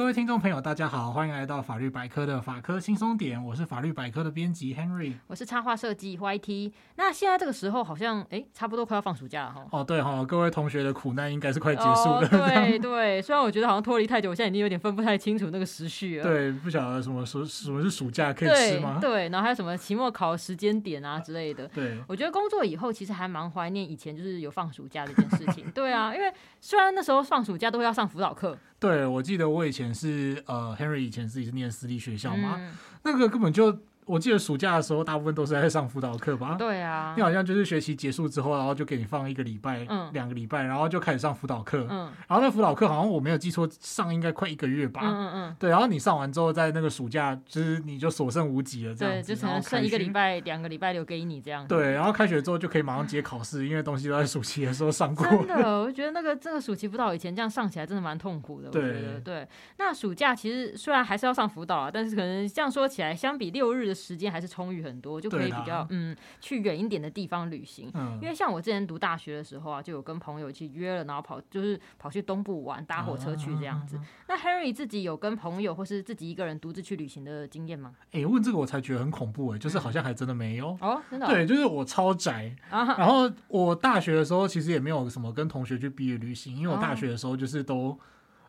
各位聽眾朋友，大家好，歡迎來到法律百科的法科輕鬆點，我是法律百科的編輯 Henry，我是插畫設計 YT。那現在這個時候好像哎，差不多快要放暑假了哈、哦。哦，對哈、哦，各位同學的苦難應該是快結束了。哦、對樣對，對，雖然我覺得好像脫離太久，我現在已經有點分不太清楚那個時序了。對，不曉得什麼什麼什麼是暑假可以吃嗎？對，對，然後還有什麼期末考時間點啊之類的。對，我覺得工作以後其實還蠻懷念以前就是有放暑假這件事情。 對啊，因為雖然那時候放暑假都會要上輔導課。對，我記得我以前。是呃，Henry 以前自己是念私立學校嗎？嗯、那個根本就。我記得暑假的時候，大部分都是在上輔導課吧？對啊，你好像就是學期結束之後，然後就給你放一個禮拜、兩、嗯、個禮拜，然後就開始上輔導課。嗯、然後那輔導課好像我沒有記錯，上應該快一個月吧。嗯、嗯嗯，對。然後你上完之後，在那個暑假，就是你就所剩無幾了，這樣子。對，就只剩一個禮拜、兩個禮拜留給你這樣子。對，然後開學之後就可以馬上接考試，對因為東西都在暑期的時候上過。對真的，我就覺得那個這個暑期輔導以前這樣上起來真的蠻痛苦的。對我覺得對。那暑假其實雖然還是要上輔導啊，但是可能這樣說起來，相比六日的。時間還是充裕很多，就可以比較的嗯去遠一點的地方旅行。嗯、因為像我之前讀大學的時候啊，就有跟朋友去約了，然後跑就是跑去東部玩，搭火車去這樣子。啊、那 Henry 自己有跟朋友或是自己一個人獨自去旅行的經驗嗎？哎、欸，問這個我才覺得很恐怖哎、欸，就是好像還真的沒有、嗯、哦，真的、哦、對，就是我超宅、啊、哈然後我大學的時候其實也沒有什麼跟同學去畢業旅行，因為我大學的時候就是都。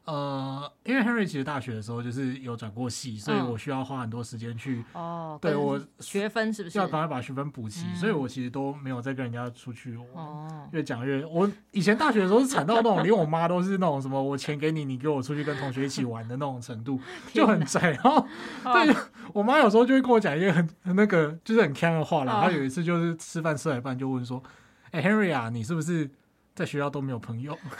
呃，因為 Henry 其實大學的時候就是有轉過系，嗯、所以我需要花很多時間去哦，對我學分是不是要趕快把學分補齊？嗯、所以我其實都沒有再跟人家出去哦。越講越我以前大學的時候是慘到那種 連我媽都是那種什麼，我錢給你，你給我出去跟同學一起玩的那種程度，哪就很宅。哦，對我媽有時候就會跟我講一個很很那個就是很 can 的話啦。哦、她有一次就是吃飯吃完飯，就問說：“哎、欸、，Henry 啊，你是不是在學校都沒有朋友？”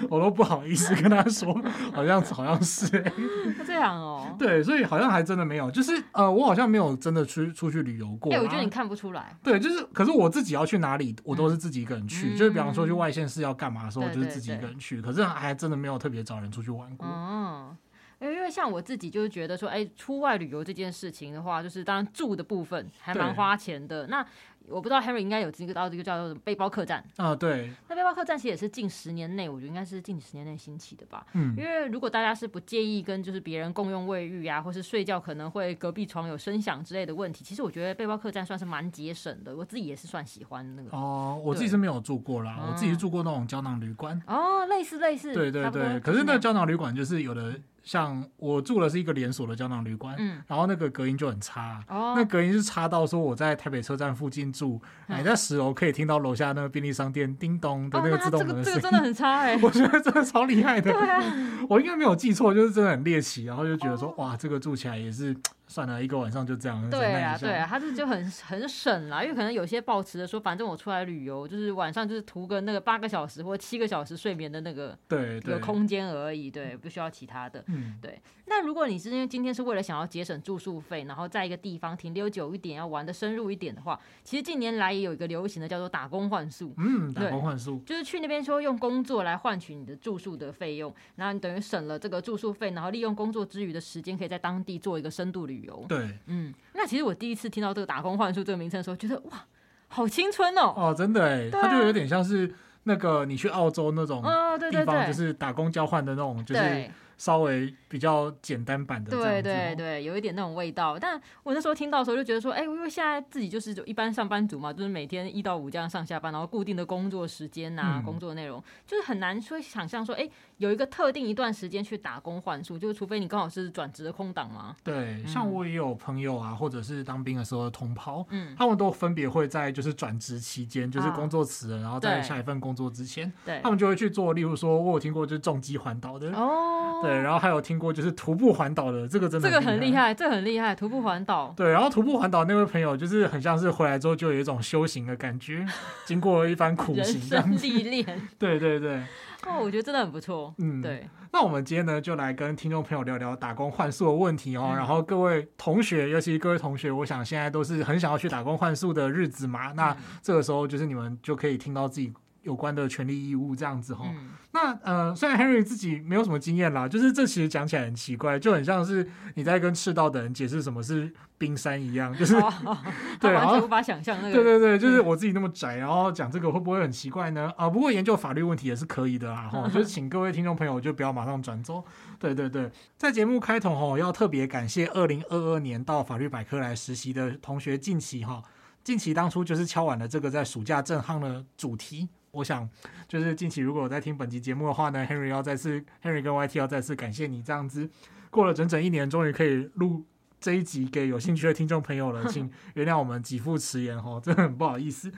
我都不好意思跟他說，好像好像是，欸。 這樣哦、喔。對，所以好像還真的沒有，就是呃，我好像沒有真的去出去旅遊過。哎，我覺得你看不出來。對，就是，可是我自己要去哪裡，我都是自己一個人去。嗯、就是比方說去外縣市要幹嘛的時候，我就是自己一個人去。可是還真的沒有特別找人出去玩過。哦，因為因為像我自己就是覺得說，哎，出外旅遊這件事情的話，就是當然住的部分還蠻花錢的。那。我不知道 Henry 應該有知道這個叫做什麼背包客棧啊，對，那背包客棧其實也是近十年內，我覺得應該是近十年內興起的吧。嗯，因為如果大家是不介意跟就是別人共用衛浴啊，或是睡覺可能會隔壁床有聲響之類的問題，其實我覺得背包客棧算是蠻節省的。我自己也是算喜歡那個。哦，我自己是沒有住過啦，啊、我自己住過那種膠囊旅館。哦，類似類似，對對對。是可是那個膠囊旅館就是有的。像我住的是一個連鎖的膠囊旅館，嗯、然後那個隔音就很差。哦、那隔音是差到說我在台北車站附近住，嗯、哎，在十樓可以聽到樓下那個便利商店叮咚的那個自動門的聲音。哦、這個這個真的很差哎、欸，我覺得真的超厲害的， 對啊、我應該沒有記錯，就是真的很獵奇，然後就覺得說、哦、哇，這個住起來也是。算了一個晚上就這樣。對啊，對啊，對啊，他是就很很省啦，因為可能有些抱持的說，反正我出來旅遊，就是晚上就是圖個那個八個小時或七個小時睡眠的那個，對，對有空間而已，對，不需要其他的。嗯，對。那如果你是因為今天是為了想要節省住宿費，然後在一個地方停留久一點，要玩得深入一點的話，其實近年來也有一個流行的叫做打工換宿。嗯，打工換宿就是去那邊說用工作來換取你的住宿的費用，然後你等於省了這個住宿費，然後利用工作之餘的時間可以在當地做一個深度旅遊。旅遊對，嗯，那其實我第一次聽到這個打工換宿這個名稱的時候，覺得哇，好青春哦！哦，真的哎，啊、它就有點像是那個你去澳洲那種地方就是打工交換的那種，就是稍微比較簡單版的、哦對，對對對，有一點那種味道。但我那時候聽到的時候，就覺得說，哎，因為現在自己就是就一般上班族嘛，就是每天一到五這樣上下班，然後固定的工作時間吶、啊，嗯、工作內容，就是很難去想象說，哎。有一個特定一段時間去打工換宿，就是除非你剛好是轉職的空檔嘛？對，像我也有朋友啊，嗯、或者是當兵的時候的同袍，嗯，他們都分別會在就是轉職期間，啊、就是工作辭了，然後在下一份工作之前，對他們就會去做。例如說，我有聽過就是重機環島的哦，對，對，然後還有聽過就是徒步環島的，這個真的很厲害，這個很厲害，這很厲害，徒步環島。對，然後徒步環島那位朋友就是很像是回來之後就有一種修行的感覺，經過了一番苦行的歷練， 對，對對對。哦，我覺得真的很不錯。嗯，對。那我們今天呢，就來跟聽眾朋友聊聊打工換宿的問題哦。嗯、然後各位同學，尤其各位同學，我想現在都是很想要去打工換宿的日子嘛。那這個時候，就是你們就可以聽到自己。有關的權利義務這樣子哈，嗯、那呃，雖然 Henry 自己沒有什麼經驗啦，就是這其實講起來很奇怪，就很像是你在跟赤道的人解釋什麼是冰山一樣，就是、哦哦、 對，完全無法想象那個。對對對，就是我自己那麼宅，嗯、然後講這個會不會很奇怪呢？啊，不過研究法律問題也是可以的啦哈，就是、請各位聽眾朋友就不要馬上轉走。 對對對，在節目開頭哈，要特別感謝二零二二年到法律百科來實習的同學近期哈，近期當初就是敲完了這個在暑假震撼的主題。我想，就是近期如果我在聽本集節目的話呢，Henry 要再次，Henry 跟 YT 要再次感謝你。這樣子過了整整一年，終於可以錄這一集給有興趣的聽眾朋友了，請原諒我們幾副詞言哦，真的很不好意思。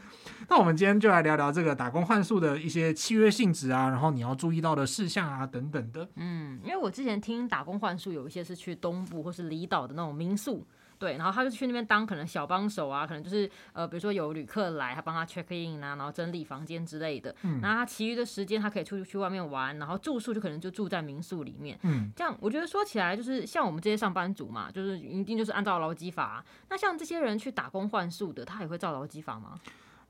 那我們今天就來聊聊這個打工換宿的一些契約性質啊，然後你要注意到的事項啊等等的。嗯，因為我之前聽打工換宿有一些是去東部或是離島的那種民宿。對，然後他就去那邊當可能小幫手啊，可能就是呃，比如說有旅客來，他幫他 check in 啊，然後整理房間之類的。嗯，然後他其餘的時間他可以出去去外面玩，然後住宿就可能就住在民宿裡面。嗯，這樣我覺得說起來就是像我們這些上班族嘛，就是一定就是按照勞基法啊。那像這些人去打工換宿的，他也會照勞基法嗎？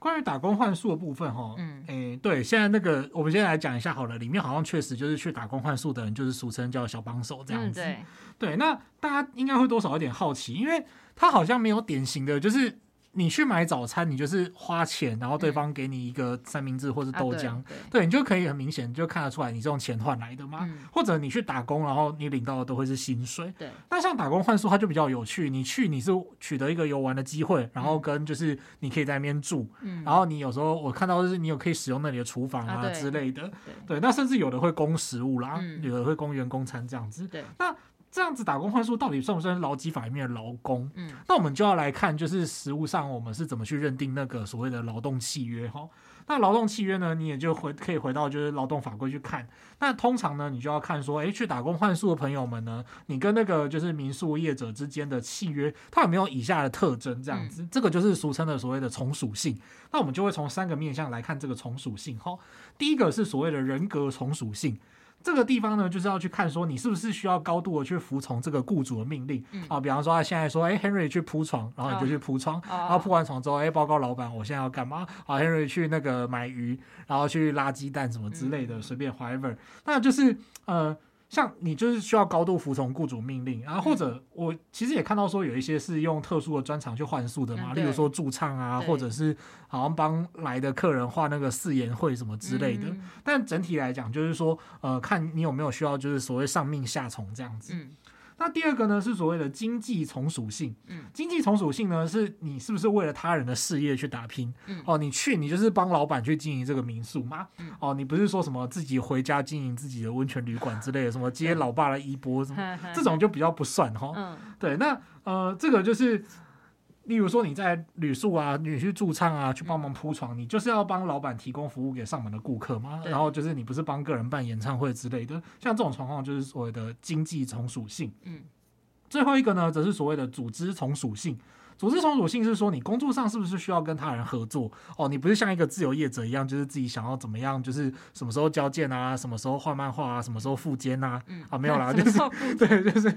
關於打工換宿的部分，哈，嗯，哎、欸，對，現在那個，我們先來講一下好了。裡面好像確實就是去打工換宿的人，就是俗稱叫小幫手這樣子。嗯、對，對，那大家應該會多少有點好奇，因為他好像沒有典型的就是。你去買早餐，你就是花錢，然後對方給你一個三明治或是豆漿，對你就可以很明顯就看得出來，你是用錢換來的嘛。或者你去打工，然後你領到的都會是薪水。對，那像打工換宿，它就比較有趣。你去，你是取得一個遊玩的機會，然後跟就是你可以在那邊住，然後你有時候我看到就是你有可以使用那裡的廚房啊之類的。對，那甚至有的會供食物啦，有的會供員工餐這樣子。對，那。這樣子打工換宿到底算不算勞基法裡面的勞工？嗯，那我們就要來看，就是實務上我們是怎麼去認定那個所謂的勞動契約哈。那勞動契約呢，你也就回可以回到就是勞動法規去看。那通常呢，你就要看說，哎、欸，去打工換宿的朋友們呢，你跟那個就是民宿業者之間的契約，它有沒有以下的特徵？這樣子，嗯、這個就是俗稱的所謂的從屬性。那我們就會從三個面向來看這個從屬性哈。第一個是所謂的人格從屬性。這個地方呢，就是要去看說你是不是需要高度的去服從這個雇主的命令、嗯、啊。比方說，他現在說，哎，Henry 去鋪床，然後你就去鋪床，啊、然後鋪完床之後，哎，報告老板，我現在要幹嘛？啊，Henry 去那個買魚，然後去拉雞蛋什麼之類的，嗯、隨便 however 那就是呃。像你就是需要高度服從雇主命令，然、啊、後或者我其實也看到說有一些是用特殊的專長去換宿的嘛，嗯、例如說駐唱啊，對或者是好像幫來的客人畫那個誓言會什麼之類的。嗯、但整體來講，就是說呃，看你有沒有需要，就是所謂上命下從這樣子。嗯那第二個呢，是所謂的經濟從屬性。經濟從屬性呢，是你是不是為了他人的事業去打拼？嗯、哦，你去你就是幫老闆去經營這個民宿嘛。嗯、哦，你不是說什麼自己回家經營自己的溫泉旅館之類的，什麼接老爸的衣缽，嗯、呵呵這種就比較不算哈、哦。嗯、對，那呃，這個就是。例如說你在旅宿啊，你去駐唱啊，去幫忙鋪床，你就是要幫老闆提供服務給上門的顧客嘛。然後就是你不是幫個人辦演唱會之類的，像這種情況就是所謂的經濟從屬性。最後一個呢，則是所謂的組織從屬性。組織從屬性是說，你工作上是不是需要跟他人合作？哦，你不是像一個自由業者一樣，就是自己想要怎麼樣，就是什麼時候交件啊，什麼時候畫漫畫啊，什麼時候付監吶？嗯，啊，沒有啦，就是對，就是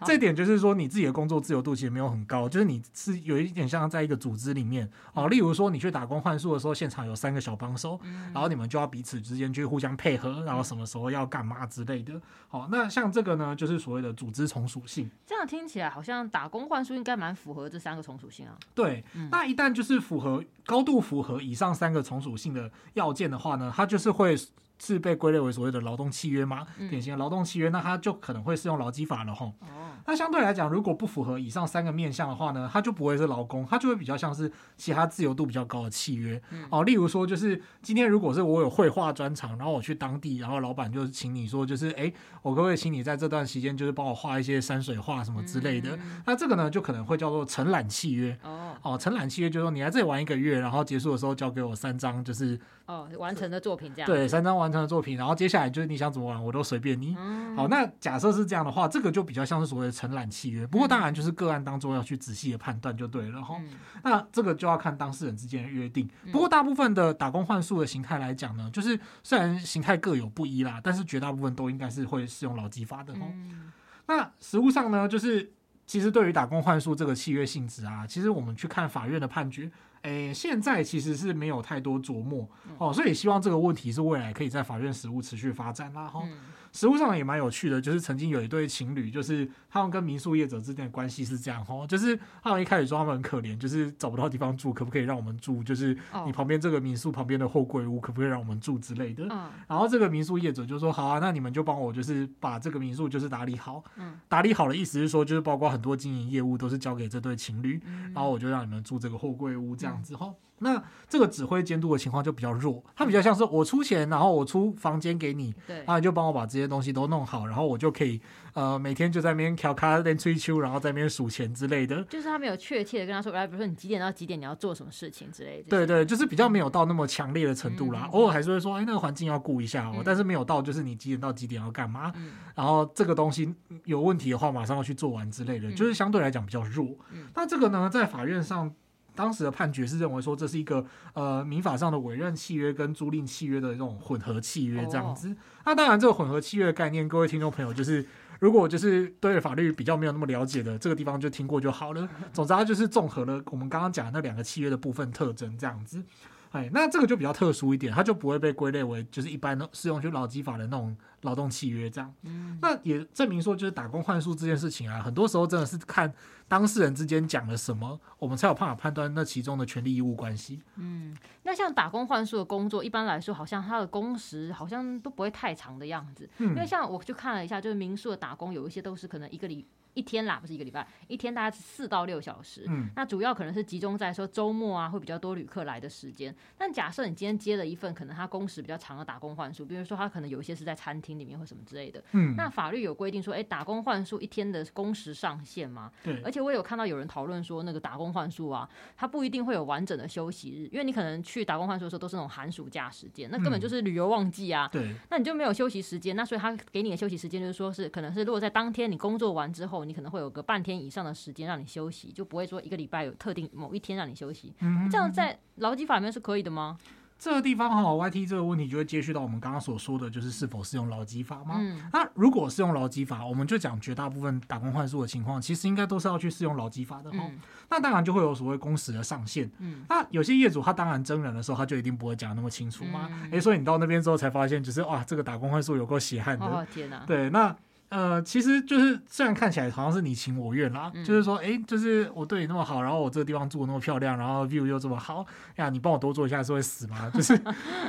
好這點就是說，你自己的工作自由度其實沒有很高，就是你是有一點像在一個組織裡面哦。例如說，你去打工換宿的時候，現場有三個小幫手，嗯、然後你們就要彼此之間去互相配合，然後什麼時候要幹嘛之類的。好、哦，那像這個呢，就是所謂的組織從屬性。這樣聽起來好像打工換宿應該蠻符合這三個從屬性啊，對，那一旦就是符合高度符合以上三個從屬性的要件的話呢，它就是會。是被歸類為所謂的勞動契約嗎？嗯、典型的勞動契約，那它就可能會適用勞基法了吼。哦，那相對來講，如果不符合以上三個面向的話呢，它就不會是勞工，它就會比較像是其他自由度比較高的契約、嗯、哦。例如說，就是今天如果是我有繪畫專長，然後我去當地，然後老闆就是請你說，就是哎、欸，我可不可以請你在這段時間就是幫我畫一些山水畫什麼之類的？嗯、那這個呢，就可能會叫做承攬契約哦。哦，承攬契約就是說你來這裡玩一個月，然後結束的時候交給我三張就是。哦，完成的作品這樣對，三張完成的作品，然後接下來就是你想怎麼玩，我都隨便你。嗯、好，那假設是這樣的話，這個就比較像是所謂的承攬契約，不過當然就是個案當中要去仔細的判斷就對了哈。嗯、那這個就要看當事人之間的約定，嗯、不過大部分的打工換數的形態來講呢，就是雖然形態各有不一啦，但是絕大部分都應該是會使用老基法的哈。嗯、那實務上呢，就是其實對於打工換數這個契約性質啊，其實我們去看法院的判決。呃，現在其實是沒有太多琢磨、嗯、哦，所以希望這個問題是未來可以在法院實務持續發展啦，哈、嗯。實際上也蠻有趣的，就是曾經有一對情侶，就是他們跟民宿業者之間的關係是這樣哦，就是他們一開始說他們很可憐，就是找不到地方住，可不可以讓我們住？就是你旁邊這個民宿旁邊的貨櫃屋，可不可以讓我們住之類的？然後這個民宿業者就說好啊，那你們就幫我就是把這個民宿就是打理好。打理好的意思是說，就是包括很多經營業務都是交給這對情侶，然後我就讓你們住這個貨櫃屋這樣子哦。那這個指揮監督的情況就比較弱，它比較像是我出錢，然後我出房間給你，對、嗯，然、啊、你就幫我把這些東西都弄好，然後我就可以呃每天就在那邊敲咖啡、練吹球，然後在那邊數錢之類的。就是他沒有確切的跟他說，比如說你幾點到幾點你要做什麼事情之類的。對，對對，就是比較沒有到那麼強烈的程度啦，嗯嗯嗯、偶爾還是會說，哎、欸，那個環境要顧一下哦、喔，嗯、但是沒有到就是你幾點到幾點要幹嘛，嗯、然後這個東西有問題的話，馬上要去做完之類的，嗯、就是相對來講比較弱。嗯、那這個呢，在法院上。嗯當時的判決是認為說，這是一個呃民法上的委任契約跟租賃契約的這種混合契約這樣子。Oh. 那當然，這個混合契約的概念，各位聽眾朋友就是如果就是對法律比較沒有那麼了解的，這個地方就聽過就好了。總之，它就是綜合了我們剛剛講的那兩個契約的部分特徵這樣子。哎， 那這個就比較特殊一點，它就不會被歸類為就是一般適用區勞基法的那種。勞動契約這樣，嗯、那也證明說，就是打工換宿這件事情啊，很多時候真的是看當事人之間講了什麼，我們才有辦法判斷那其中的權利義務關係。嗯，那像打工換宿的工作，一般來說好像它的工時好像都不會太長的樣子，嗯、因為像我就看了一下，就是民宿的打工，有一些都是可能一個禮一天啦，不是一個禮拜，一天大概是四到六小時。嗯，那主要可能是集中在說週末啊，會比較多旅客來的時間。但假設你今天接了一份可能它工時比較長的打工換宿，比如說它可能有一些是在餐廳。廳裡面或什麼之類的，嗯，那法律有規定說，哎、欸，打工換宿一天的工時上限嗎？對。而且我有看到有人討論說，那個打工換宿啊，它不一定會有完整的休息日，因為你可能去打工換宿的時候都是那種寒暑假時間，那根本就是旅遊旺季啊，對、嗯。那你就沒有休息時間，對那所以他給你的休息時間就是說是，可能是如果在當天你工作完之後，你可能會有個半天以上的時間讓你休息，就不會說一個禮拜有特定某一天讓你休息。嗯。這樣在勞基法裡面是可以的嗎？這個地方哈、哦，YT 這個問題就會接續到我們剛剛所說的就是是否適用勞基法嗎？嗯、那如果適用勞基法，我們就講絕大部分打工換宿的情況，其實應該都是要去適用勞基法的哈、哦。嗯、那當然就會有所謂工時的上限。嗯、那有些業主他當然真人的時候，他就一定不會講那麼清楚嘛。哎、嗯欸，所以你到那邊之後才發現，就是哇，這個打工換宿有夠血汗的。哦天哪、對那。呃，其實就是雖然看起來好像是你情我願啦，嗯、就是說，哎、欸，就是我對你那麼好，然後我這個地方住得那麼漂亮，然後 view 又這麼好、哎、呀，你幫我多做一下是會死嗎？ 就是、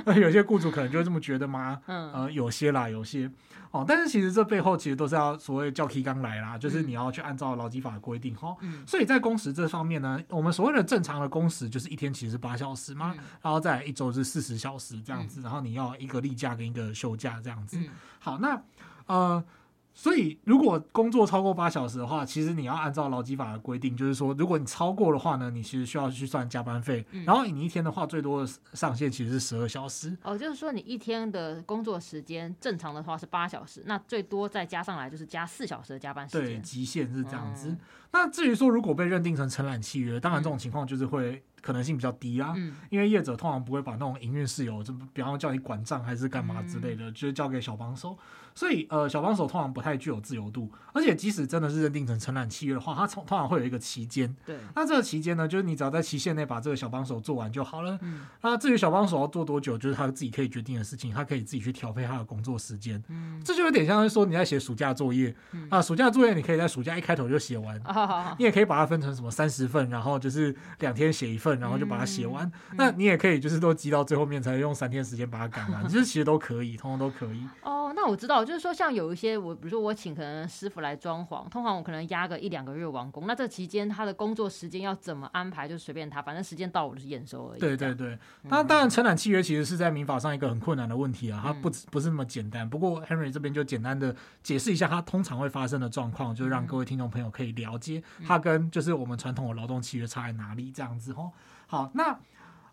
呃、有些雇主可能就會這麼覺得嘛，嗯、呃，有些啦，有些哦，但是其實這背後其實都是要所謂叫起工來啦，嗯、就是你要去按照勞基法規定哈，哦嗯、所以在工時這方面呢，我們所謂的正常的工時就是一天其實是八小時嘛，嗯、然後再一周是四十小時這樣子，嗯、然後你要一個例假跟一個休假這樣子。嗯、好，那呃。所以，如果工作超過八小時的話，其實你要按照勞基法的規定，就是說，如果你超過的話呢，你其實需要去算加班費。嗯、然後你一天的話，最多的上限其實是十二小時。哦，就是說你一天的工作時間正常的話是八小時，那最多再加上來就是加四小時的加班時間。對，極限是這樣子。嗯、那至於說如果被認定成承攬契約，當然這種情況就是會可能性比較低啦、啊。嗯、因為業者通常不會把那種營運事由，就比方叫你管賬還是幹嘛之類的，嗯、就是交給小幫手。所以，呃，小幫手通常不太具有自由度，而且即使真的是認定成承攬契約的話，他通通常會有一個期間。對。那這個期間呢，就是你只要在期限內把這個小幫手做完就好了。嗯、那至於小幫手要做多久，就是他自己可以決定的事情，他可以自己去調配他的工作時間。嗯、這就有點像是說你在寫暑假作業、嗯、啊，暑假作業你可以在暑假一開頭就寫完。啊、好好好你也可以把它分成什麼三十份，然後就是兩天寫一份，然後就把它寫完。嗯嗯嗯嗯那你也可以就是都積到最後面才用三天時間把它趕完，就呵是其實都可以，通通都可以。哦，那我知道。就是說，像有一些我，比如說我請可能師傅來裝潢，通常我可能壓個一兩個月完工，那這期間他的工作時間要怎麼安排，就隨便他，反正時間到我就驗收而已。對對對，那當然承攬契約其實是在民法上一個很困難的問題啊，它不不是那麼簡單。不過 Henry 這邊就簡單的解釋一下，他通常會發生的狀況，就讓各位聽眾朋友可以了解他跟就是我們傳統的勞動契約差在哪裡這樣子哦。好，那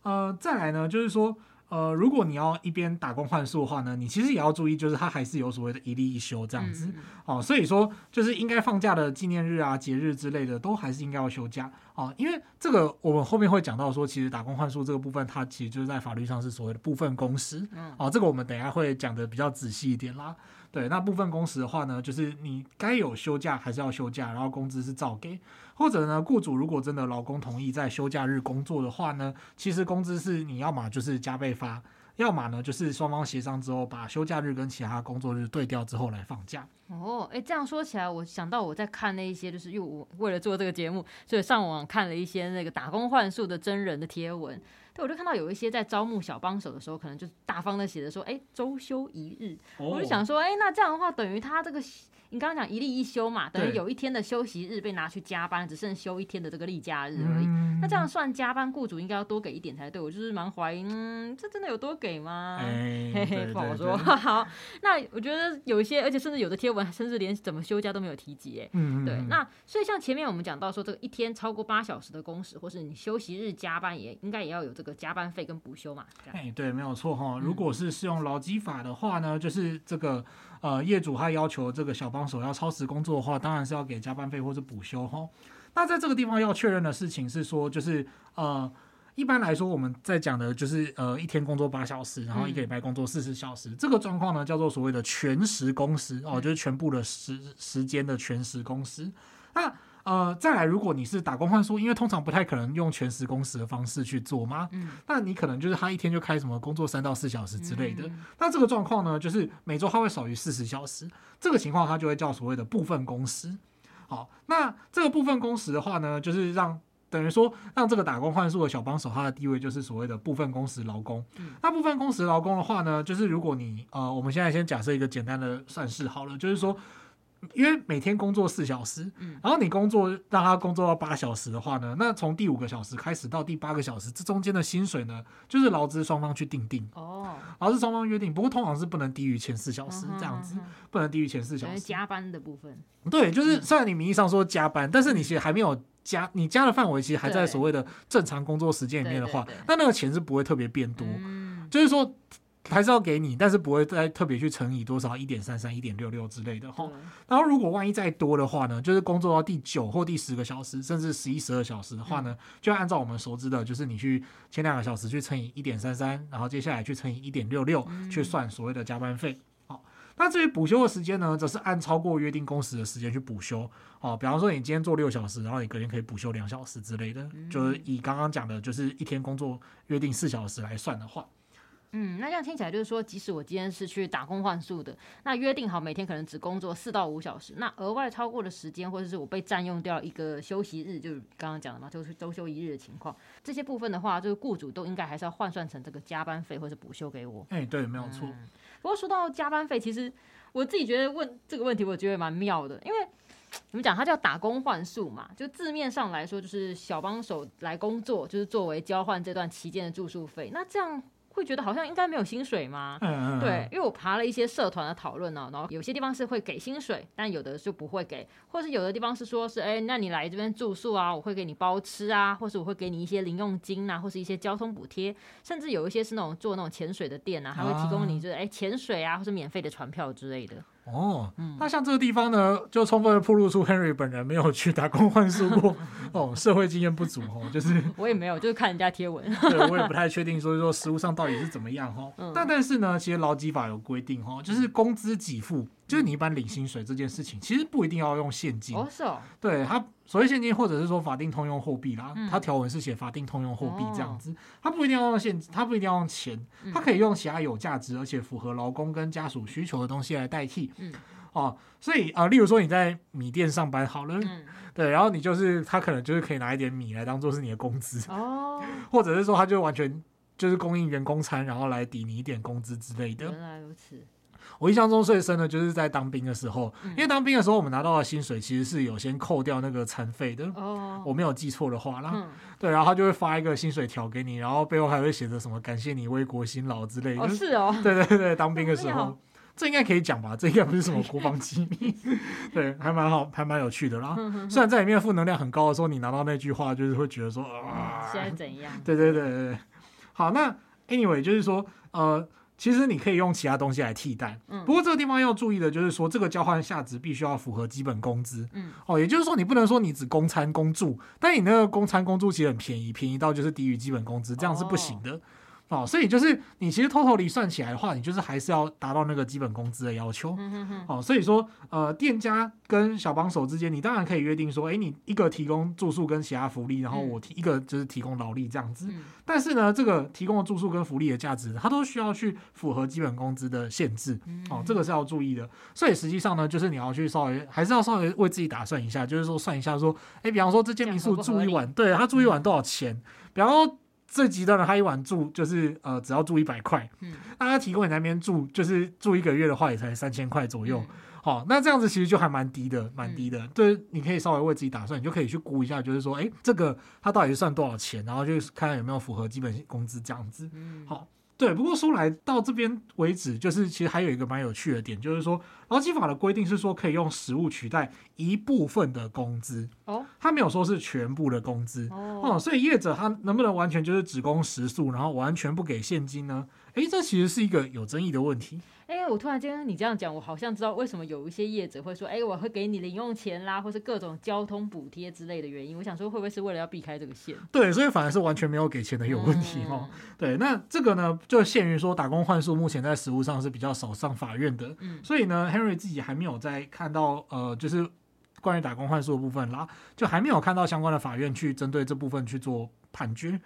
呃再來呢，就是說。呃，如果你要一邊打工換宿的話呢，你其實也要注意，就是它還是有所謂的一例一休這樣子。好，嗯哦，所以說就是應該放假的紀念日啊、節日之類的，都還是應該要休假。因為這個我們後面會講到說，其實打工換宿這個部分，它其實就是在法律上是所謂的部分工時、嗯。嗯、哦，這個我們等一下會講的比較仔細一點啦。對，那部分工時的話呢，就是你該有休假還是要休假，然後工資是照給，或者呢，雇主如果真的勞工同意在休假日工作的話呢，其實工資是你要麼就是加倍發。要麼呢，就是雙方協商之後，把休假日跟其他工作日對調之後來放假。哦，哎、欸，這樣說起來，我想到我在看那一些，就是又為，為了做這個節目，所以上網看了一些那個打工換宿，的真人的貼文。對，我就看到有一些在招募小幫手的時候，可能就大方的寫的說，哎、欸，周休一日。哦、我就想說，哎、欸，那這樣的話，等於他這個。你剛剛講一例一休嘛，等於有一天的休息日被拿去加班，對只剩休一天的這個例假日而已。嗯、那這樣算加班，雇主應該要多給一點才對。我就是蠻懷疑，嗯，這真的有多給嗎？哎，嘿嘿，對對對不好說。對對對好，那我覺得有一些，而且甚至有的貼文，甚至連怎麼休假都沒有提及。哎、嗯，嗯對。那所以像前面我們講到說，這個一天超過八小時的工時，或是你休息日加班也，也應該也要有這個加班費跟補休嘛。是是哎，對，沒有錯哈、哦。如果是適用勞基法的話呢，就是這個。呃，業主他要求這個小幫手要超時工作的話，當然是要給加班費或者補休哈。那在這個地方要確認的事情是說，就是呃，一般來說我們在講的就是呃，一天工作八小時，然後一個禮拜工作四十小時，嗯。這個狀況呢叫做所謂的全時工時哦，呃，就是全部的時時間的全時工時。那呃，再來，如果你是打工換宿，因為通常不太可能用全時工時的方式去做嘛，嗯、那你可能就是他一天就開什麼工作三到四小時之類的。嗯、那這個狀況呢，就是每周他會少於四十小時，這個情況他就會叫所謂的部分工時。好，那這個部分工時的話呢，就是讓等於說讓這個打工換宿的小幫手他的地位就是所謂的部分工時勞工。嗯、那部分工時勞工的話呢，就是如果你呃，我們現在先假設一個簡單的算式好了，就是說。因為每天工作四小時，嗯、然後你工作讓他工作到八小時的話呢，那從第五個小時開始到第八個小時，這中間的薪水呢，就是勞資雙方去定定哦，勞資雙方約定，不過通常是不能低於前四小時，哦、哈這樣子，哦、哈不能低於前四小時。加班的部分，對，就是雖然你名義上說加班，但是你其實還沒有加，你加的範圍其實還在所謂的正常工作時間裡面的話，那那個錢是不會特別變多，嗯，就是說。還是要給你，但是不會再特別去乘以多少一點三三、一點六六之類的哈。吼，對然後如果萬一再多的話呢，就是工作到第九或第十個小時，甚至十一、十二小時的話呢，嗯、就按照我們熟知的，就是你去前兩個小時去乘以一點三三，然後接下來去乘以一點六六，去算所謂的加班費好，哦，那至於補休的時間呢，則是按超過約定工時的時間去補休哦，比方說你今天做六小時，然後你隔天可以補休兩小時之類的，嗯、就是以剛剛講的，就是一天工作約定四小時來算的話。嗯，那這樣聽起來就是說，即使我今天是去打工換宿的，那約定好每天可能只工作四到五小時，那額外超過的時間，或者是我被占用掉一個休息日，就是剛剛講的嘛，就是週休一日的情況，這些部分的話，就是雇主都應該還是要換算成這個加班費或者補休給我。哎、欸，對，沒有錯、嗯。不過說到加班費，其實我自己覺得問這個問題，我覺得蠻妙的，因為怎麼講，它叫打工換宿嘛，就字面上來說，就是小幫手來工作，就是作為交換這段期間的住宿費，那這樣。會覺得好像應該沒有薪水嗎？嗯，對，因為我爬了一些社團的討論啊，然後有些地方是會給薪水，但有的就不會給，或是有的地方是說是，哎，那你來這邊住宿啊，我會給你包吃啊，或是我會給你一些零用金啊，或是一些交通補貼，甚至有一些是那種做那種潛水的店啊，還會提供你就是哎潛水啊，或是免費的船票之類的。哦，那、嗯、像這個地方呢，就充分的透露出 Henry 本人沒有去打工換宿過 哦，社會經驗不足哦， 就是我也沒有，就是看人家貼文， 對我也不太確定，所以說實務上到底是怎麼樣哦， 但但是呢，其實勞基法有規定哦，就是工資給付。就是你一般領薪水這件事情，其實不一定要用現金。對，它所謂現金或者是說法定通用貨幣啦，它條文是寫法定通用貨幣這樣子，它不一定要用現金，它不一定要用錢，它可以用其他有價值而且符合勞工跟家屬需求的東西來代替。哦，所以啊，例如說你在米店上班好了，對，然後你就是他可能就是可以拿一點米來當做是你的工資。或者是說他就完全就是供應員工餐，然後來抵你一點工資之類的。原來如此。我印象中最深的，就是在當兵的時候，因為當兵的時候，我們拿到的薪水其實是有先扣掉那個餐費的。我沒有記錯的話啦。對，然後就會發一個薪水條給你，然後背後還會寫着什麼“感謝你為國辛勞”之類的。是哦。對對對，對，當兵的時候，這應該可以講吧？這應該不是什麼國防機密。對，還蠻好，還蠻有趣的啦。雖然在裡面負能量很高的時候，你拿到那句話，就是會覺得說啊，現在怎樣？對對對對對。好，那 anyway，就是說，呃。其實你可以用其他東西來替代，不過這個地方要注意的就是說，這個交換價值必須要符合基本工資，哦，也就是說你不能說你只供餐供住，但你那個供餐供住其實很便宜，便宜到就是低於基本工資，這樣是不行的。哦哦，所以就是你其實偷偷離算起來的話，你就是還是要達到那個基本工資的要求。 哦，所以說，呃，店家跟小幫手之間，你當然可以約定說，哎，你一個提供住宿跟其他福利，然後我提一個就是提供勞力這樣子。但是呢，這個提供的住宿跟福利的價值，它都需要去符合基本工資的限制。哦，這個是要注意的。所以實際上呢，就是你要去稍微，還是要稍微為自己打算一下，就是說算一下說，哎，比方說這間民宿住一晚，對他住一晚多少錢？比方說。最極端的，他一晚住就是呃，只要住一百塊，嗯，那他提供你那邊住，就是住一個月的話，也才三千塊左右，嗯、好，那這樣子其實就還蠻低的，蠻低的，嗯、對，你可以稍微為自己打算，你就可以去估一下，就是說，哎、欸，這個他到底是算多少錢，然後就看看有沒有符合基本工資這樣子，嗯，好。對，不過說來到這邊為止，就是其實還有一個蠻有趣的點，就是說勞基法的規定是說可以用實物取代一部分的工資，哦，它沒有說是全部的工資，哦、嗯，所以業者他能不能完全就是只供食宿，然後完全不給現金呢？哎，這其實是一個有爭議的問題。哎、欸，我突然間跟你這樣講，我好像知道為什麼有一些業者會說，哎、欸，我會給你零用錢啦，或是各種交通補貼之類的原因。我想說，會不會是為了要避開這個線？對，所以反而是完全沒有給錢的有問題哈、嗯哦。對，那這個呢，就限於說打工換宿目前在實務上是比較少上法院的，嗯、所以呢，Henry 自己還沒有在看到呃，就是關於打工換宿的部分啦，就還沒有看到相關的法院去針對這部分去做判決。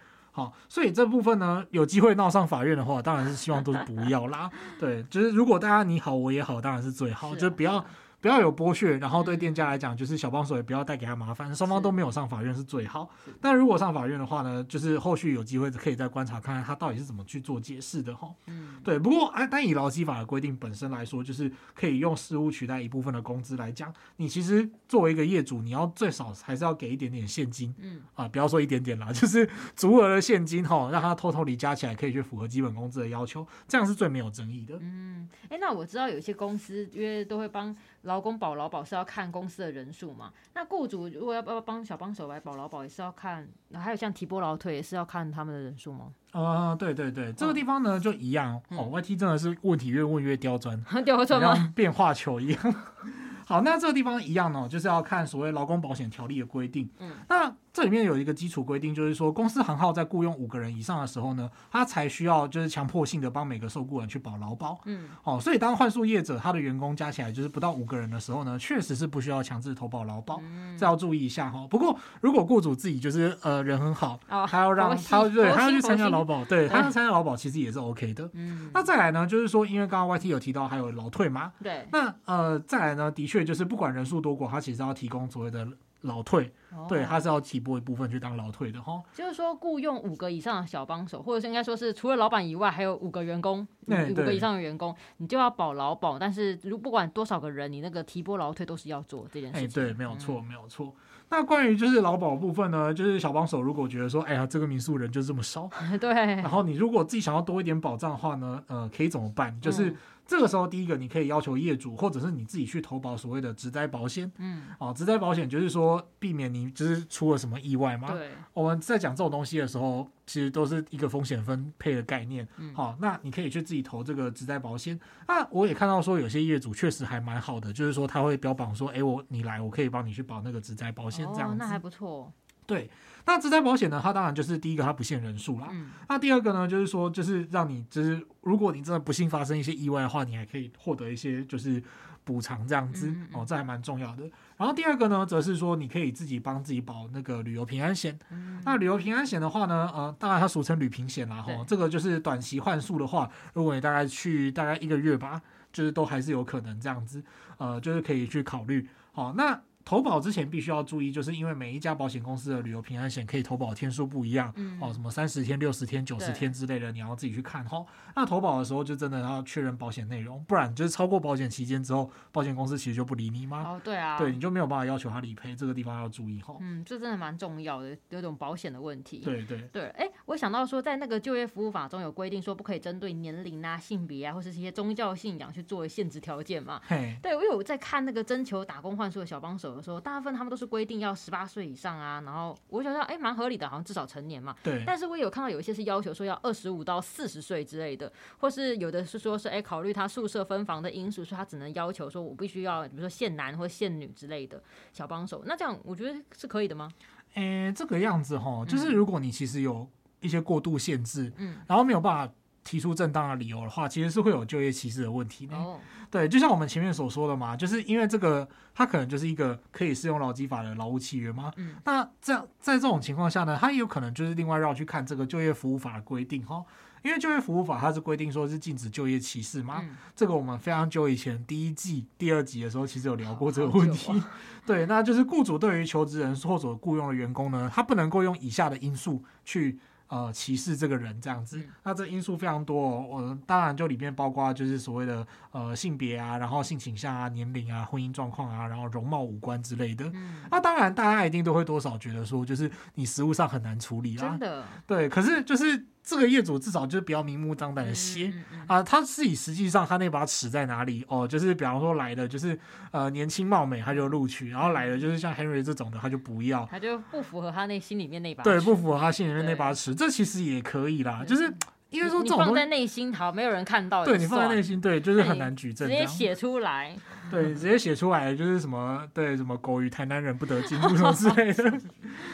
所以這部分呢，有機會鬧上法院的話，當然是希望都不要啦。 對，就是如果大家你好我也好，當然是最好，是啊、就不要。不要有剝削，然後對店家來講，就是小幫手也不要帶給他麻煩，雙方都沒有上法院是最好。但如果上法院的話呢，就是後續有機會可以再觀察看看他到底是怎麼去做解釋的哈。嗯，對。不過按但以勞基法的規定本身來說，就是可以用實物取代一部分的工資來講，你其實作為一個業主，你要最少還是要給一點點現金。嗯啊，不要說一點點啦，就是足額的現金哈，讓他偷偷離家起來可以去符合基本工資的要求，這樣是最沒有爭議的。嗯，哎、欸，那我知道有一些公司因為都會幫。勞工保勞保是要看公司的人數嘛？那雇主如果要要幫小幫手來保勞保，也是要看，還有像提撥勞退，也是要看他們的人數嗎？啊、呃，對對對，嗯、這個地方呢就一樣哦。Y、嗯、T 真的是問題越問越刁鑽，刁鑽嗎？像變化球一樣。 好，那這個地方一樣哦，就是要看所謂勞工保險條例的規定。嗯，那、啊。這裡面有一個基礎規定，就是說公司行號在雇傭五個人以上的時候呢，他才需要就是強迫性的幫每個受僱人去保勞保。嗯，好，所以當換宿業者他的員工加起來就是不到五個人的時候呢，確實是不需要強制投保勞保。嗯，這要注意一下哈，哦。不過如果雇主自己就是呃人很好，他要讓他對，還要去參加勞保，對，他要參加勞保，其實也是 OK 的。那再來呢，就是說因為剛剛 YT 有提到還有勞退嘛，對。那呃，再來呢，的確就是不管人數多寡，他其實要提供所謂的。勞退，哦、對，他是要提撥一部分去當勞退的哈。哦、就是說，僱傭五個以上的小幫手，或者是應該說是除了老闆以外，還有五個員工，欸、五個以上的員工，你就要保勞保。但是，如不管多少個人，你那個提撥勞退都是要做這件事情。欸、對，沒有錯，嗯、沒有錯。那關於就是勞保部分呢，就是小幫手如果覺得說，哎呀，這個民宿人就這麼少，對。然後你如果自己想要多一點保障的話呢，呃，可以怎麼辦？就是。嗯這個時候，第一個你可以要求業主，或者是你自己去投保所謂的職災保險。嗯，職災保險就是說避免你就是出了什麼意外嘛。對，我們在講這種東西的時候，其實都是一個風險分配的概念。好，那你可以去自己投這個職災保險。那我也看到說有些業主確實還蠻好的，就是說他會標榜說，哎，我你來，我可以幫你去保那個職災保險，這樣那還不錯。對，那責任保險呢？它當然就是第一個，它不限人數啦。嗯、那第二個呢，就是說，就是讓你，就是如果你真的不幸發生一些意外的話，你還可以獲得一些就是補償這樣子、嗯嗯、哦，這還蠻重要的。然後第二個呢，則是說你可以自己幫自己保那個旅遊平安險。嗯、那旅遊平安險的話呢，呃，當然它俗稱旅平險啦。吼對。這個就是短期換宿的話，如果你大概去大概一個月吧，就是都還是有可能這樣子，呃，就是可以去考慮。好、哦，那。投保之前必須要注意，就是因為每一家保險公司的旅遊平安險可以投保天數不一樣，嗯，哦，什麼三十天、六十天、九十天之類的，對你要自己去看哈。那投保的時候就真的要確認保險內容，不然就是超過保險期間之後，保險公司其實就不理你嘛，哦，對啊，對，你就沒有辦法要求他理賠，這個地方要注意哈。嗯，這真的蠻重要的，有一種保險的問題。對對對，哎、欸，我想到說，在那個就業服務法中有規定說，不可以針對年齡啊、性別啊，或是一些宗教信仰去做為限制條件嘛。嘿對，我有在看那個徵求打工換宿的小幫手。候，大部分他們都是規定要十八歲以上啊，然後我想想，哎、欸，蠻合理的，好像至少成年嘛。對。但是我有看到有一些是要求說要二十五到四十歲之類的，或是有的是說是哎、欸，考慮他宿舍分房的因素，所以他只能要求說我必須要，比如說限男或限女之類的小幫手。那這樣我覺得是可以的嗎？哎、欸，這個樣子哈，就是如果你其實有一些過度限制，嗯，然後沒有辦法。提出正當的理由的話，其實是會有就業歧視的問題的。Oh. 對，就像我們前面所說的嘛，就是因為這個，它可能就是一個可以適用勞基法的勞務契約嘛。嗯、那這樣，在這種情況下呢，它也有可能就是另外繞去看這個就業服務法的規定齁，因為就業服務法它是規定說是禁止就業歧視嘛。嗯、這個我們非常久以前第一季、第二集的時候，其實有聊過這個問題。啊、對，那就是雇主對於求職人或者雇傭的員工呢，他不能夠用以下的因素去。呃，歧視這個人這樣子，嗯、那這因素非常多、哦。我、嗯、當然就裡面包括就是所謂的呃性別啊，然後性傾向啊、年齡啊、婚姻狀況啊，然後容貌五官之類的。嗯、那當然大家一定都會多少覺得說，就是你實務上很難處理啦、啊。真的，對，可是就是。這個業主至少就是比較明目張膽的寫、嗯嗯嗯、啊，他自己實際上他那把尺在哪裡哦？就是比方說來的就是呃年輕貌美他就錄取，然後來的就是像 Henry 這種的他就不要，他就不符合他那心裡面那把尺，對，不符合他心裡面那把尺，對這其實也可以啦，就是。嗯因為說你放在內心，好沒有人看到對。對，你放在內心，對，就是很難舉證。直接寫出來。對，直接寫出來就是什麼，對什麼狗與台南人不得進入，什麼之類的。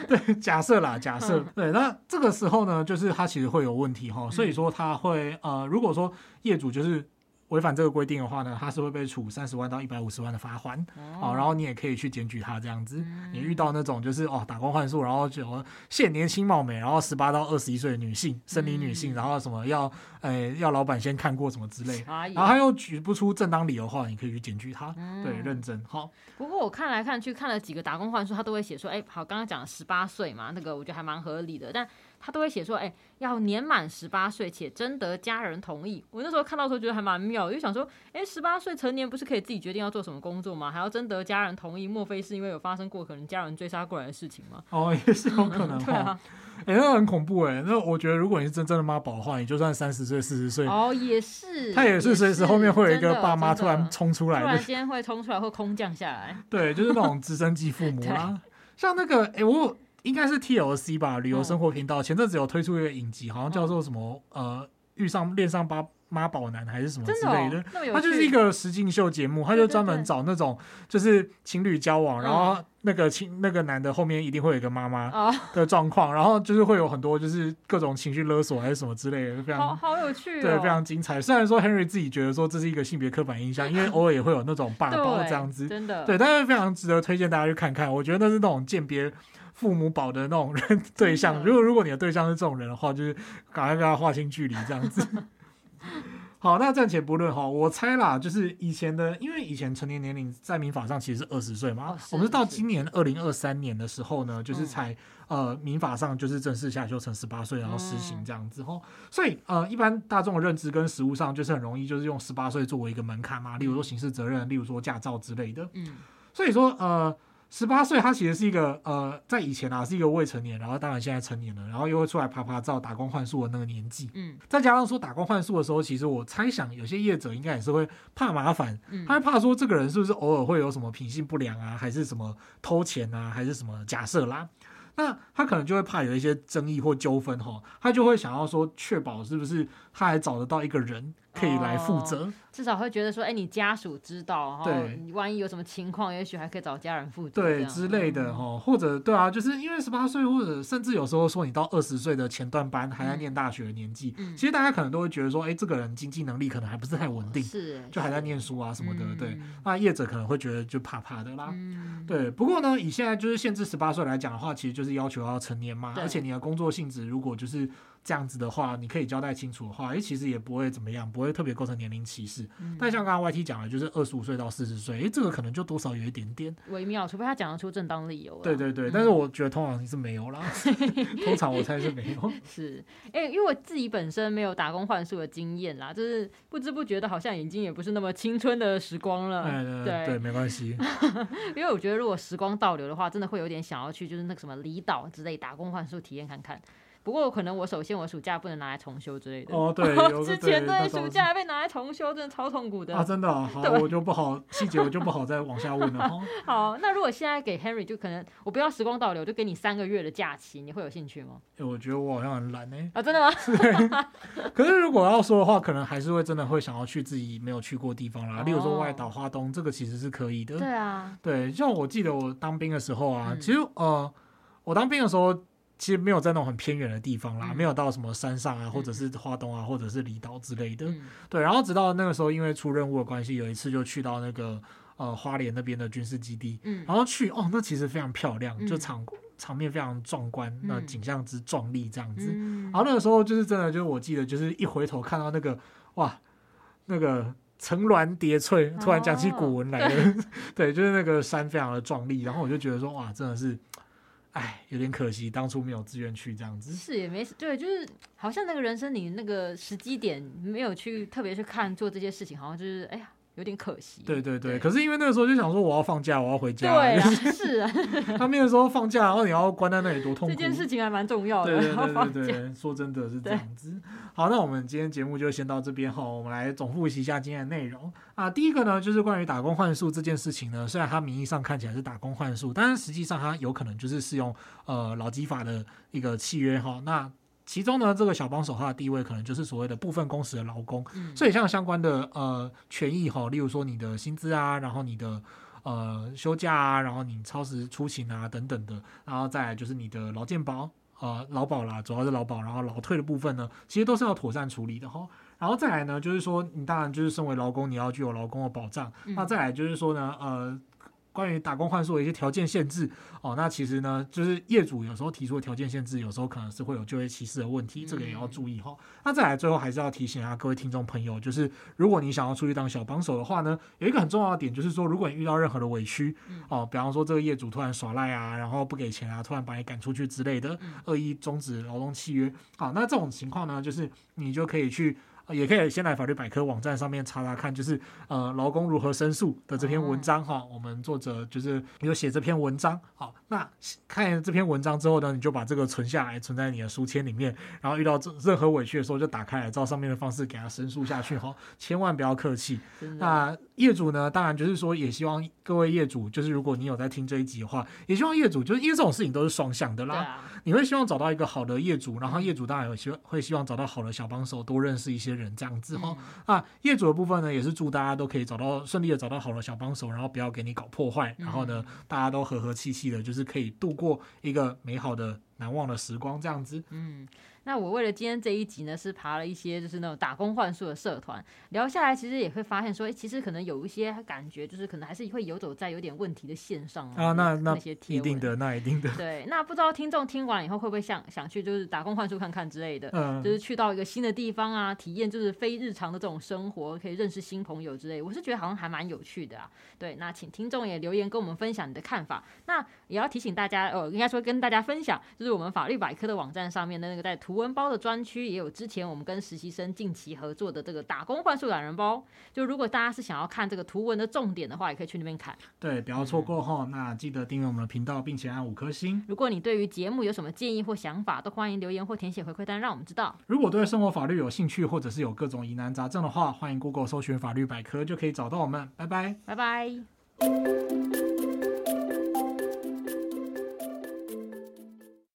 對，假設啦，假設。 對，那這個時候呢，就是他其實會有問題哈，所以說他會呃，如果說業主就是。違反這個規定的話呢，他是會被處三十萬到一百五十萬的罰款。嗯哦，然後你也可以去檢舉他這樣子。嗯、你遇到那種就是哦，打工換宿，然後什麼現年輕貌美，然後十八到二十一歲的女性，生理女性，嗯、然後什麼要，哎、呃，要老闆先看過什麼之類，啊、然後他又舉不出正當理由的話，你可以去檢舉他，嗯、對，認真好。不過我看來看去看了幾個打工換宿，他都會寫說，哎、欸，好，剛剛講十八歲嘛，那個我覺得還蠻合理的，但。他都會寫說，哎、欸，要年滿十八歲且徵得家人同意。我那時候看到的時候覺得還蠻妙，我就想說，哎、欸，十八歲成年不是可以自己決定要做什麼工作嗎？還要徵得家人同意，莫非是因為有發生過可能家人追殺過來的事情嗎？哦，也是有可能。對啊，哎，那很恐怖，哎、欸。那我覺得，如果你是真正的媽寶的話，你就算三十歲、四十歲，哦，也是，他也是隨時後面會有一個爸媽突然衝出來，的對突然間會衝出來，會空降下來。對，就是那種直升機父母啦， 對對對像那個，哎、欸，我。應該是 TLC 吧，旅遊生活頻道、嗯、前陣子有推出一個影集，好像叫做什麼、嗯、呃，遇上戀上吧媽寶男還是什麼之類的。他就是一個實境秀節目，他就專門找那種就是情侶交往，對對對然後那個情、嗯、那個男的後面一定會有一個媽媽的狀況，啊、然後就是會有很多就是各種情緒勒索還是什麼之類的，非常好，好有趣、哦，對，非常精彩。雖然說 Henry 自己覺得說這是一個性別刻板印象，對對對因為偶爾也會有那種爸寶這樣子，真的對，但是非常值得推薦大家去看看。我覺得那是那種鑑別。父母保的那種人對象，如果，如果你的對象是這種人的話，就是趕快跟他劃清距離，這樣子。好，那暫且不論哈，我猜啦，就是以前的，因為以前成年年齡在民法上其實是二十歲嘛，我們是到今年二零二三年的時候呢，就是才呃民法上就是正式下修成十八歲，然後實行這樣子哈。所以呃，一般大眾的認知跟實務上，就是很容易就是用十八歲作為一個門檻嘛，例如說刑事責任，例如說駕照之類的。嗯，所以說呃。十八歲，他其實是一個呃，在以前啊是一個未成年，然後當然現在成年了，然後又會出來拍拍照、打工換宿的那個年紀。嗯，再加上說打工換宿的時候，其實我猜想有些業者應該也是會怕麻煩，他會怕說這個人是不是偶爾會有什麼品性不良啊，還是什麼偷錢啊，還是什麼假設啦，那他可能就會怕有一些爭議或糾紛哈，他就會想要說確保是不是他還找得到一個人，可以來負責，至少會覺得說，哎、欸，你家屬知道，對，萬一有什麼情況，也許還可以找家人負責，對之類的，哦、嗯，或者對啊，就是因為十八歲，或者甚至有時候說你到二十歲的前段班還在念大學的年紀，嗯嗯、其實大家可能都會覺得說，哎、欸，這個人經濟能力可能還不是太穩定、哦，是，就還在念書啊什麼的，是對，嗯、那業者可能會覺得就怕怕的啦，嗯、對。不過呢，以現在就是限制十八歲來講的話，其實就是要求要成年嘛，對而且你的工作性質如果就是。這樣子的話，你可以交代清楚的話，哎、欸，其實也不會怎麼樣，不會特別構成年齡歧視。嗯、但像剛剛 Y T 講的，就是二十五歲到四十歲，哎、欸，這個可能就多少有一點點微妙，除非他講得出正當理由。對對對，嗯、但是我覺得通常是沒有啦， 通常我猜是沒有。 是，哎、欸，因為我自己本身沒有打工換宿的經驗啦，就是不知不覺的，好像已經也不是那麼青春的時光了。欸呃、對對對，沒關係， 因為我覺得如果時光倒流的話，真的會有點想要去，就是那個什麼離島之類打工換宿體驗看看。不過可能我首先我暑假不能拿來重修之類的哦，對，之前對暑假還被拿來重修，真的超痛苦的啊，真的，好，我就不好細節，我就不好再往下問了。好，那如果現在給 Henry，就可能我不要時光倒流，就給你三個月的假期，你會有興趣嗎？我覺得我好像很懶哎啊，真的嗎？對，可是如果要說的話，可能還是會真的會想要去自己沒有去過的地方啦，例如說外島花東，這個其實是可以的。對啊，對，像我記得我當兵的時候啊，其實呃，我當兵的時候。其實沒有在那種很偏遠的地方啦，沒有到什麼山上啊，或者是花東啊，或者是離島之類的。嗯、對，然後直到那個時候，因為出任務的關係，有一次就去到那個呃花蓮那邊的軍事基地，嗯、然後去哦，那其實非常漂亮，就場、嗯、場面非常壯觀，那景象之壯麗這樣子。嗯嗯、然後那個時候就是真的，就是我記得就是一回頭看到那個哇，那個層巒疊翠，突然講起古文來了，哦、對， 對，就是那個山非常的壯麗，然後我就覺得說哇，真的是。哎，有點可惜，當初沒有自願去這樣子。是也沒對，就是好像那個人生裡那個時機點沒有去，特別去看做這些事情，好像就是哎呀。有點可惜。對對對，對可是因為那個時候就想說，我要放假，對我要回家。對、啊，就是、是啊。他們那時候放假， 然後你要關在那裡，多痛苦。這件事情還蠻重要的。對對對，對，對說真的是這樣子。對好，那我們今天節目就先到這邊哈，我們來總複習一下今天的內容啊。第一個呢，就是關於打工換宿這件事情呢，雖然它名義上看起來是打工換宿，但是實際上它有可能就是適用呃勞基法的一個契約哈。那其中呢，這個小幫手他的地位可能就是所謂的部分工時的勞工，所以像相關的呃權益哈，例如說你的薪資啊，然後你的呃休假啊，然後你超時出勤啊等等的，然後再來就是你的勞健保呃，勞保啦，主要是勞保，然後勞退的部分呢，其實都是要妥善處理的哈。然後再來呢，就是說你當然就是身為勞工，你要具有勞工的保障，那再來就是說呢，呃。關於打工換宿的一些條件限制哦，那其實呢，就是業主有時候提出的條件限制，有時候可能是會有就業歧視的問題，這個也要注意哈、哦。嗯嗯嗯，那再來最後還是要提醒啊，各位聽眾朋友，就是如果你想要出去當小幫手的話呢，有一個很重要的點就是說，如果你遇到任何的委屈、嗯、哦，比方說這個業主突然耍賴啊，然後不給錢啊，突然把你趕出去之類的，嗯嗯惡意終止勞動契約，啊。好，那這種情況呢，就是你就可以去。也可以先來法律百科網站上面查查看，就是呃勞工如何申訴的這篇文章哈、uh huh. 哦，我們作者就是有寫這篇文章，好，那看這篇文章之後呢，你就把這個存下來，存在你的書籤裡面，然後遇到這任何委屈的時候就打開來照上面的方式給他申訴下去，好、哦，千萬不要客氣。Uh huh. 那業主呢，當然就是說也希望各位業主，就是如果你有在聽這一集的話，也希望業主就是因為這種事情都是雙向的啦，uh huh. 你會希望找到一個好的業主，然後業主當然有希望會希望找到好的小幫手，多認識一些人。人這樣子吼啊，業主的部分呢，也是祝大家都可以找到順利的找到好的小幫手，然後不要給你搞破壞，然後呢，大家都和和氣氣的，就是可以度過一個美好的。難忘的時光，這樣子。嗯，那我為了今天這一集呢，是爬了一些就是那種打工換宿的社團。聊下來，其實也會發現說，哎、欸，其實可能有一些感覺，就是可能還是會遊走在有點問題的線上。啊，那那些貼文，那那一定的，那一定的。對，那不知道聽眾聽完以後會不會想想去就是打工換宿看看之類的，嗯、就是去到一個新的地方啊，體驗就是非日常的這種生活，可以認識新朋友之類。我是覺得好像還蠻有趣的啊。對，那請聽眾也留言跟我們分享你的看法。那也要提醒大家，哦、呃，應該說跟大家分享。就是是我們法律百科的網站上面的那個帶圖文包的專區，也有之前我們跟實習生近期合作的這個打工換宿懶人包。就如果大家是想要看這個圖文的重點的話，也可以去那邊看。對，不要錯過哈。那記得訂閱我們的頻道，並且按五顆星。如果你對於節目有什麼建議或想法，都歡迎留言或填寫回饋單，讓我們知道。如果對生活法律有興趣，或者是有各種疑難雜症的話，歡迎 Google 搜尋法律百科，就可以找到我們。拜拜，拜拜。